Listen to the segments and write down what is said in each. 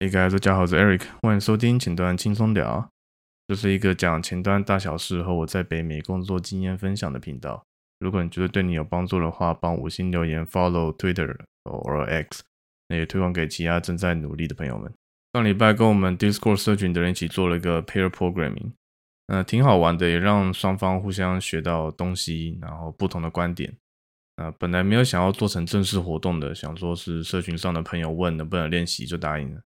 Hey guys，大家好，我是 Eric，歡迎收聽前端輕鬆聊，這是一個講前端大小事和我在北美工作經驗分享的頻道。如果你覺得對你有幫助的話，幫五星留言，follow Twitter or X，那也推廣給其他正在努力的朋友們。上禮拜跟我們 Discord 社群的人一起做了一個 pair programming，那挺好玩的，也讓雙方互相學到東西，然後不同的觀點。那本來沒有想要做成正式活動的，想說是社群上的朋友問能不能練習，就答應了。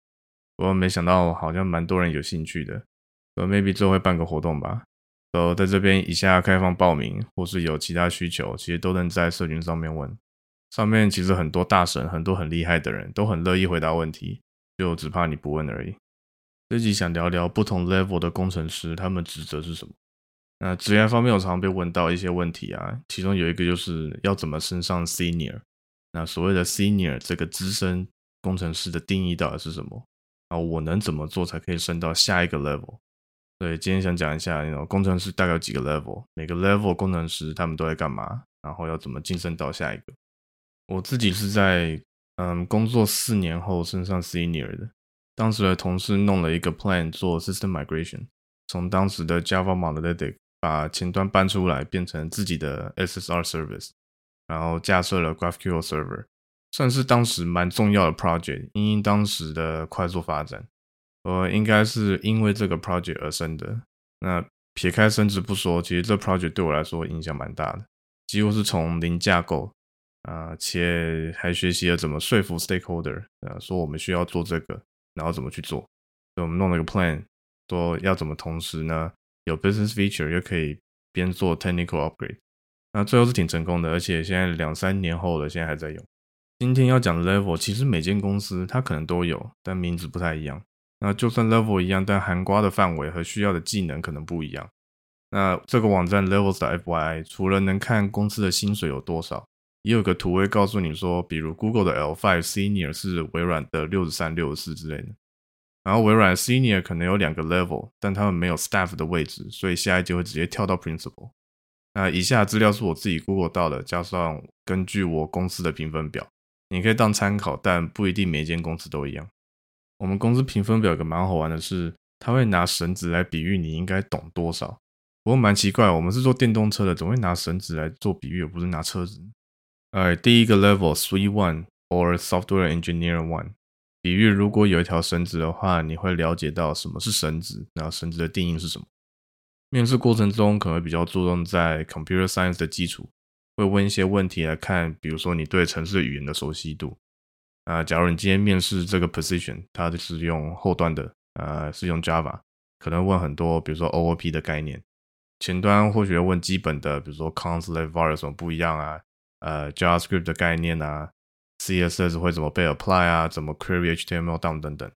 我沒想到，好像蠻多人有興趣的，呃、so、，maybe 最後會辦個活動吧。呃、so,，在這邊以下開放報名，或是有其他需求，其實都能在社群上面問。上面其實很多大神，很多很厲害的人都很樂意回答問題，就只怕你不問而已。這集想聊聊不同 level 的工程師，他們職責是什麼？那職涯方面，我常常被問到一些問題啊，其中有一個就是要怎麼升上 senior？那所謂的 senior 這個資深工程師的定義到底是什麼？啊，我能怎麼做才可以升到下一個 level？所以今天想講一下，那種工程師大概有幾個 level，每個 level 工程師他們都在幹嘛，然後要怎麼晉升到下一個。我自己是在嗯工作四年後升上 senior 的，當時的同事弄了一個 plan 做 system migration，從當時的 Java monolithic 把前端搬出來變成自己的 SSR service，然後架設了 GraphQL Server。算是當時蠻重要的 project，因應當時的快速發展，呃，應該是因為這個 project 而生的。那撇開升職不說，其實這 project 對我來說影響蠻大的，幾乎是從零架構，啊、呃，且還學習了怎麼說服 stakeholder，啊、呃，說我們需要做這個，然後怎麼去做，所以我們弄了一個 plan，說要怎麼同時呢，有 business feature 又可以邊做 technical upgrade，那最後是挺成功的，而且現在兩三年後了，現在還在用。今天要講的 level，其實每間公司它可能都有，但名字不太一樣。那就算 level 一樣，但涵蓋的範圍和需要的技能可能不一樣。那這個網站 levels.fyi 除了能看公司的薪水有多少，也有個圖會告訴你說，比如 Google 的 L5 Senior 是微軟的六十三、六十四之類的。然後微軟的 Senior 可能有兩個 level，但他們沒有 staff 的位置，所以下一級會直接跳到 principal。那以下資料是我自己 Google 到的，加上根據我公司的評分表。你可以當參考，但不一定每一間公司都一樣。我們公司評分表有個蠻好玩的是，他會拿繩子來比喻你應該懂多少。不過蠻奇怪，我們是做電動車的，怎麼會拿繩子來做比喻，而不是拿車子。Alright, 第一個 level three one or software engineer one，比喻如果有一條繩子的話，你會了解到什麼是繩子，然後繩子的定義是什麼？面試過程中可能比較注重在 computer science 的基礎。會問一些問題來看，比如說你對城市語言的熟悉度。啊、呃，假如你今天面試這個 position，它是用後端的，呃，是用 Java，可能問很多，比如說 OOP 的概念。前端或許會問基本的，比如說 console、v e r 是什麼不一樣啊？呃，JavaScript 的概念啊，CSS 會怎麼被 apply 啊？怎麼 query HTML down 等等，等等。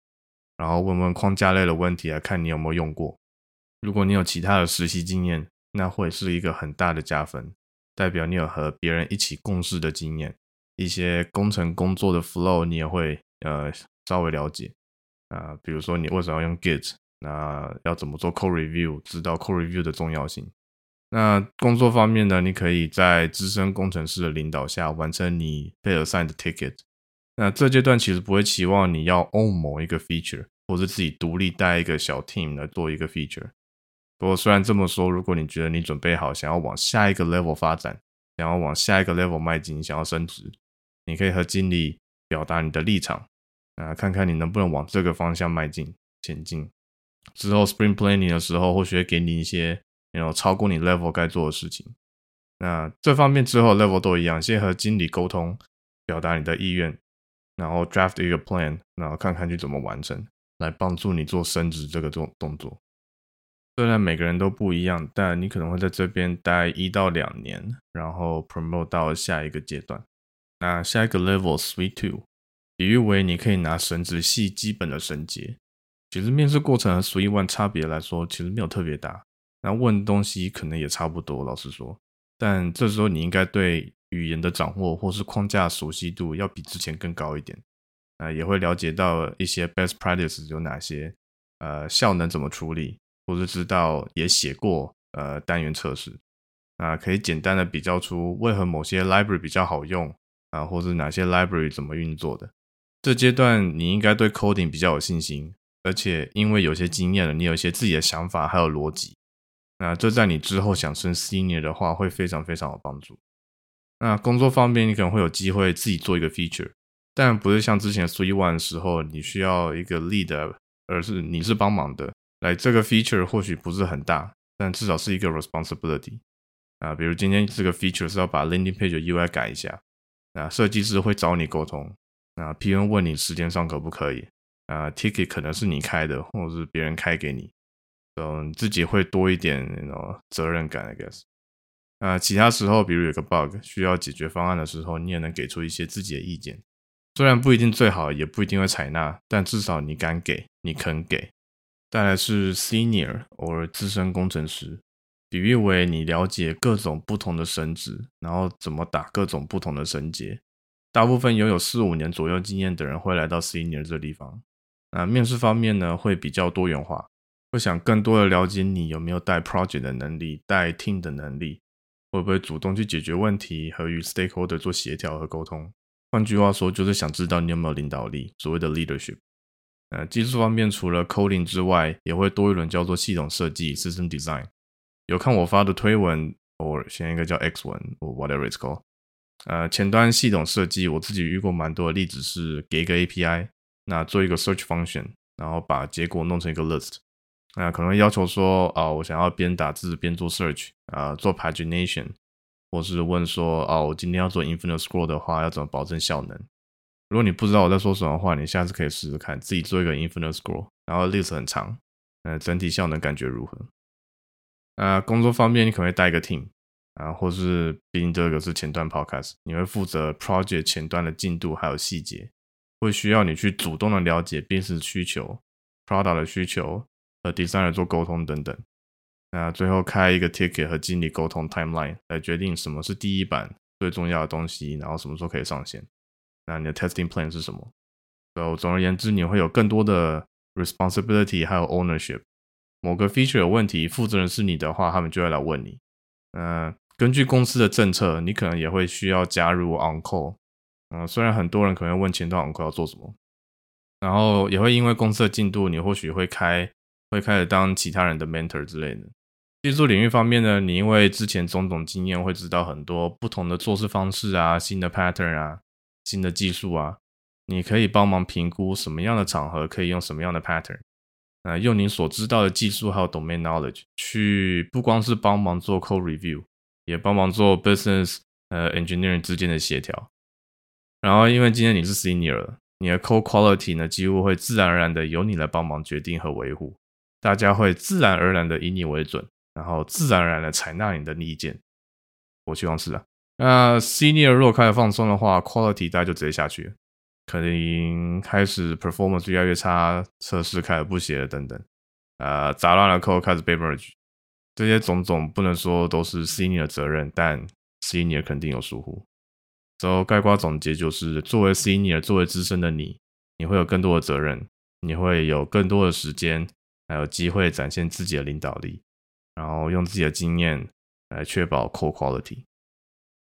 然後問問框架類的問題來看你有沒有用過。如果你有其他的實習經驗，那會是一個很大的加分。代表你有和別人一起共事的經驗，一些工程工作的 flow 你也會呃稍微了解，啊、呃，比如說你為什麼要用 git，那、呃、要怎麼做 code review，知道 code review 的重要性。那工作方面呢，你可以在資深工程師的領導下完成你被 assigned 的 ticket。那這階段其實不會期望你要 own 某一個 feature，或是自己獨立帶一個小 team 來做一個 feature。不過雖然這麼說，如果你覺得你準備好想要往下一個 level 發展，想要往下一個 level 邁進，想要升職，你可以和經理表達你的立場，啊，看看你能不能往這個方向邁進前進。之後 spring planning 的時候，或許會給你一些，你要超過你 level 該做的事情。那這方面之後的 level 都一樣，先和經理溝通，表達你的意願，然後 draft 一個 plan，然後看看去怎麼完成，來幫助你做升職這個動動作。雖然每個人都不一樣，但你可能會在這邊待一到兩年，然後 promote 到下一個階段。那下一個 level three two，比喻為你可以拿繩子繫基本的繩結。其實面試過程和 three one 差別來說，其實沒有特別大。那問東西可能也差不多，老實說。但這時候你應該對語言的掌握或是框架熟悉度要比之前更高一點。那也會了解到一些 best practice 有哪些，呃，效能怎麼處理。或是知道也寫過呃單元測試，啊，可以簡單的比較出為何某些 library 比較好用啊，或是哪些 library 怎麼運作的。這階段你應該對 coding 比較有信心，而且因為有些經驗了，你有一些自己的想法還有邏輯，那這在你之後想升 senior 的話會非常非常有幫助。那工作方面，你可能會有機會自己做一個 feature，但不是像之前 e t one 的時候你需要一個 lead，而是你是幫忙的。來，這個 feature 或許不是很大，但至少是一個 responsibility 啊。比如今天這個 feature 是要把 landing page 的 UI 改一下，啊，設計師會找你溝通，啊 PM 問你時間上可不可以啊？Ticket 可能是你開的，或者是別人開給你，嗯、so，自己會多一點那種責任感，I guess。啊，其他時候，比如有個 bug 需要解決方案的時候，你也能給出一些自己的意見，雖然不一定最好，也不一定會採納，但至少你敢給，你肯給。再來是 senior 或資深工程師，比喻為你了解各種不同的繩子，然後怎麼打各種不同的繩結。大部分擁有四五年左右經驗的人會來到 senior 這個地方。那面試方面呢，會比較多元化，會想更多的了解你有沒有帶 project 的能力，帶 team 的能力，會不會主動去解決問題和與 stakeholder 做協調和溝通。換句話說，就是想知道你有沒有領導力，所謂的 leadership。呃，技術方面除了 coding 之外，也會多一輪叫做系統設計 system design。有看我發的推文，我、哦、選一個叫 X 文，or whatever it's called。呃，前端系統設計，我自己遇過蠻多的例子，是給一個 API，那做一個 search function，然後把結果弄成一個 list。那、呃、可能要求說，啊、哦，我想要邊打字邊做 search，啊、呃，做 pagination，或是問說，哦，我今天要做 infinite scroll 的話，要怎麼保證效能？如果你不知道我在說什麼的話，你下次可以試試看自己做一個 infinite scroll，然後 list 很長，嗯，整體效能感覺如何？那、呃、工作方面，你可能會帶一個 team，啊、呃，或是畢竟這個是前端 podcast，你會負責 project 前端的進度還有細節，會需要你去主動的了解 business 需求、product 的需求和 designer 做溝通等等。那、呃、最後開一個 ticket 和經理溝通 timeline，來決定什麼是第一版最重要的東西，然後什麼時候可以上線。那你的 testing plan 是什麼？So, 總而言之，你會有更多的 responsibility，還有 ownership。某個 feature 有問題，負責人是你的話，他們就會來問你。嗯、呃，根據公司的政策，你可能也會需要加入 on call。嗯、呃，雖然很多人可能會問前端 on call 要做什麼，然後也會因為公司的進度，你或許會開會開始當其他人的 mentor 之類的。技術領域方面呢，你因為之前種種經驗，會知道很多不同的做事方式啊，新的 pattern 啊。新的技術啊，你可以幫忙評估什麼樣的場合可以用什麼樣的 pattern，呃，用你所知道的技術還有 domain knowledge 去不光是幫忙做 code review，也幫忙做 business 和 engineering 之間的協調。然後因為今天你是 senior 了，你的 code quality 呢幾乎會自然而然的由你來幫忙決定和維護，大家會自然而然的以你為準，然後自然而然的採納你的意見。我希望是啊。那 senior 如果開始放鬆的話，quality 大概就直接下去，可能已經開始 performance 越來越差，測試開始不寫了等等，呃，雜亂的 code 開始被 merge，這些種種不能說都是 senior 的責任，但 senior 肯定有疏忽。所以概括總結就是，作為 senior，作為資深的你，你會有更多的責任，你會有更多的時間，還有機會展現自己的領導力，然後用自己的經驗來確保 code quality。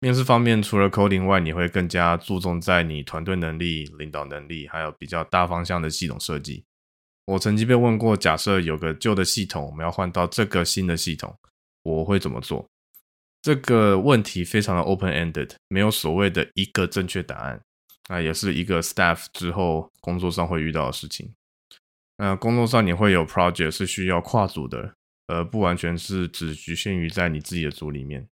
面試方面，除了 coding 外，你會更加注重在你團隊能力、領導能力，還有比較大方向的系統設計。我曾經被問過，假設有個舊的系統，我們要換到這個新的系統，我會怎麼做？這個問題非常的 open-ended，沒有所謂的一個正確答案，那也是一個 staff 之後工作上會遇到的事情。那工作上你會有 project 是需要跨組的，而不完全是只局限於在你自己的組裡面。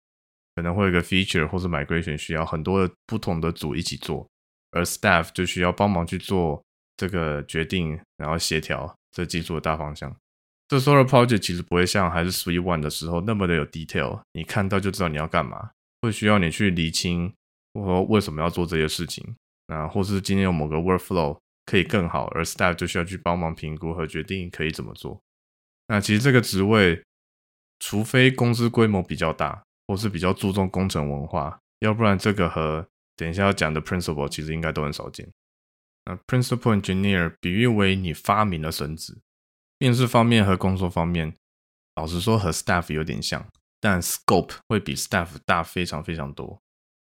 可能會有一個 feature 或是 migration 需要很多的不同的組一起做，而 staff 就需要幫忙去做這個決定，然後協調這技術的大方向。這時候的 project 其實不會像還是 SWE one 的時候那麼的有 detail，你看到就知道你要幹嘛，會需要你去理清，或為什麼要做這些事情。啊，或是今天有某個 workflow 可以更好，而 staff 就需要去幫忙評估和決定可以怎麼做。那其實這個職位，除非公司規模比較大，或是比較注重工程文化，要不然這個和等一下要講的 principal 其實應該都很少見。那 principal engineer 比喻為你發明了繩子，面試方面和工作方面，老實說和 staff 有點像，但 scope 會比 staff 大非常非常多。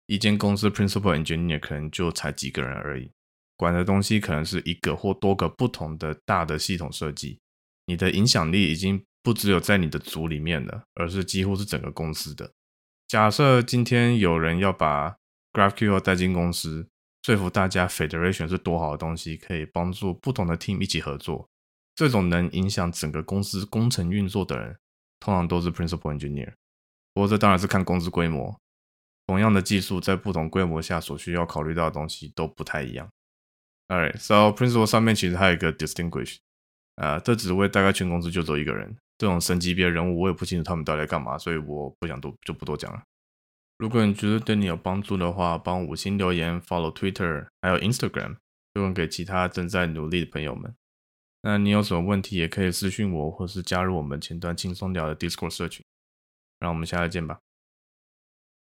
一間公司 principal engineer 可能就才幾個人而已，管的東西可能是一個或多個不同的大的系統設計。你的影響力已經不只有在你的組裡面了，而是幾乎是整個公司的。假設今天有人要把 GraphQL 帶進公司，說服大家 Federation 是多好的東西，可以幫助不同的 team 一起合作。這種能影響整個公司工程運作的人，通常都是 Principal Engineer。不過這當然是看公司規模，同樣的技術在不同規模下所需要考慮到的東西都不太一樣。Alright，so Principal 上面其實還有一個 Distinguished 啊、呃，這職位大概全公司就只有一個人，這種神級別人物我也不清楚他們到底在幹嘛，所以我不想多就不多講了。如果你覺得對你有幫助的話，幫五星留言，follow Twitter，還有 Instagram，分享給其他正在努力的朋友們。那你有什麼問題也可以私訊我，或是加入我們前端輕鬆聊的 Discord 社群。讓我們下期見吧。